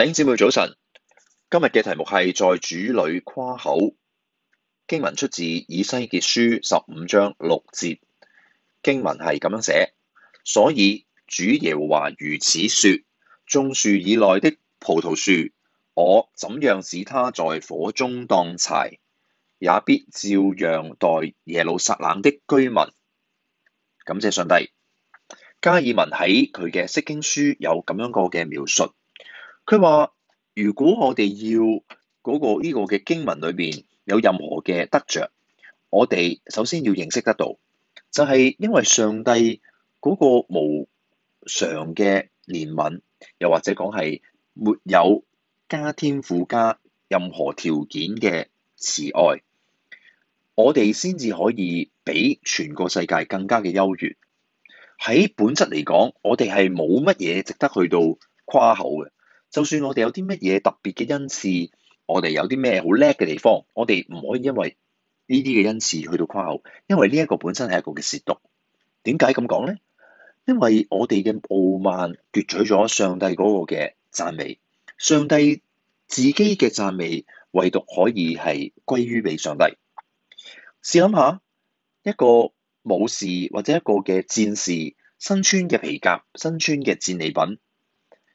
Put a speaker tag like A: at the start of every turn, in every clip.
A: 頂姊妹早晨，今日嘅題目係在主裏誇口。經文出自以西結書十五章六節，經文係咁樣寫，所以主耶和華如此說，種樹以內的葡萄樹，我怎樣使它在火中當柴，也必照樣待耶路撒冷的居民。感謝上帝，加爾文喺佢嘅釋經書有咁樣個嘅描述。佢話：如果我哋要嗰個呢個嘅經文裏邊有任何嘅得着，我哋首先要認識得到，就係、是、因為上帝嗰個無償嘅憐憫，又或者講係沒有加添附加任何條件嘅慈愛，我哋先至可以比全個世界更加嘅優越。喺本質嚟講，我哋係冇乜嘢值得去到誇口嘅。就算我哋有啲乜嘢特別嘅恩賜，我哋有啲咩好叻嘅地方，我哋唔可以因為呢啲嘅恩賜去到誇口，因為呢一個本身係一個嘅褻瀆。點解咁講咧？因為我哋嘅傲慢奪取咗上帝嗰個嘅讚美，上帝自己嘅讚美唯獨可以係歸於俾上帝。試諗下，一個武士或者一個嘅戰士，身穿嘅皮甲，身穿嘅戰利品。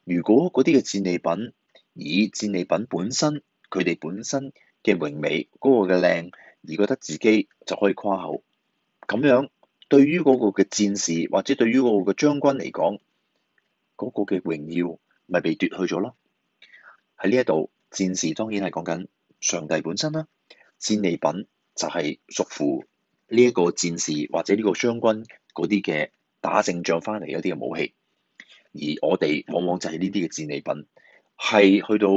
A: 如果嗰啲嘅戰利品，以戰利品本身佢哋本身嘅榮美嗰個嘅靚而覺得自己就可以誇口，咁樣對於嗰個嘅戰士或者對於嗰個嘅將軍嚟講，嗰個嘅榮耀咪被奪去咗咯。喺呢一度，戰士當然係講緊上帝本身啦，戰利品就係屬乎呢一個戰士或者呢個將軍嗰啲嘅打勝仗翻嚟一啲嘅武器。而我哋往往就係呢啲嘅戰利品，係去到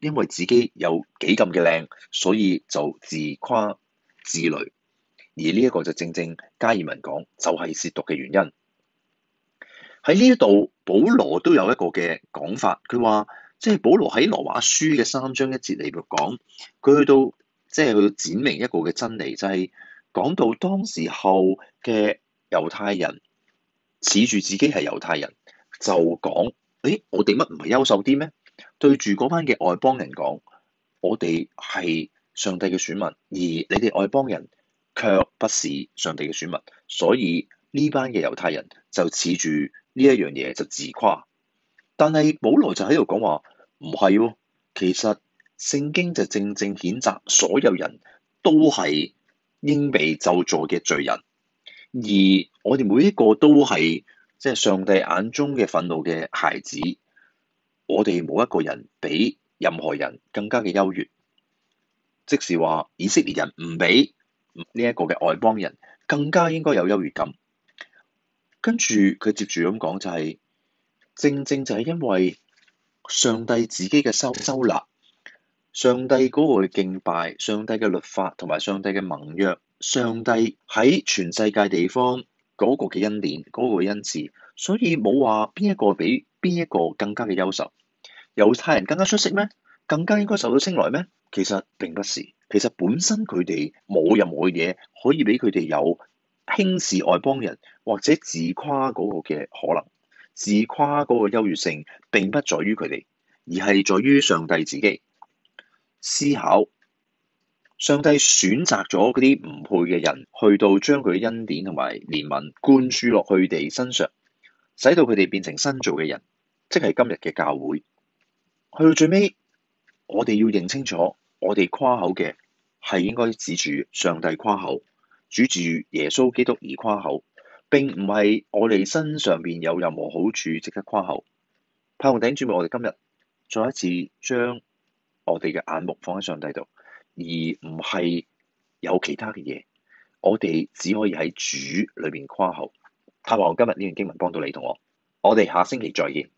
A: 因為自己有幾咁嘅靚，所以就自誇自擂。而呢一個就正正加爾文講，就係、是、褻瀆嘅原因。喺呢一度，保羅都有一個嘅講法，佢話即係保羅喺羅馬書嘅三章一節嚟到講，佢去到即係、就是、去到展明一個嘅真理，就係、是、講到當時候嘅猶太人恃住自己係猶太人。就講，誒，我哋乜唔係優秀啲咩？對住嗰班嘅外邦人講，我哋係上帝嘅選民，而你哋外邦人卻不是上帝嘅選民，所以呢班嘅猶太人就恃住呢一樣嘢就自誇。但係保羅就喺度講話，唔係，其實聖經就正正譴責所有人都係應被咒詛嘅罪人，而我哋每一個都係。即係上帝眼中嘅憤怒嘅孩子，我哋冇一個人比任何人更加嘅優越。即是話以色列人唔俾呢一個嘅外邦人更加應該有優越感。跟住佢接住咁講就係，正正就係因為上帝自己嘅收收納，上帝嗰個敬拜，上帝嘅律法同埋上帝嘅盟約，上帝喺全世界地方。嗰個嘅恩典，嗰個嘅恩賜，所以冇話邊一個比邊一個更加嘅優秀，猶太人更加出色咩？更加應該受到青睞咩？其實並不是，其實本身佢哋冇任何嘢，可以俾佢哋有輕視外邦人或者自誇嗰個嘅可能，自誇嗰個優越性並不在於佢哋，而係在於上帝自己思考。上帝選擇咗嗰啲唔配嘅人，去到將佢嘅恩典同埋憐憫灌輸落佢哋身上，使到佢哋變成新造嘅人，即係今日嘅教會。去到最尾，我哋要認清楚，我哋誇口嘅係應該指住上帝誇口，主住耶穌基督而誇口，並唔係我哋身上邊有任何好處值得誇口。派紅頂住目，我哋今日再一次將我哋嘅眼目放喺上帝度。而唔係有其他嘅嘢，我哋只可以喺主裏邊誇口。盼望今日呢段經文幫到你同我。我哋下星期再見。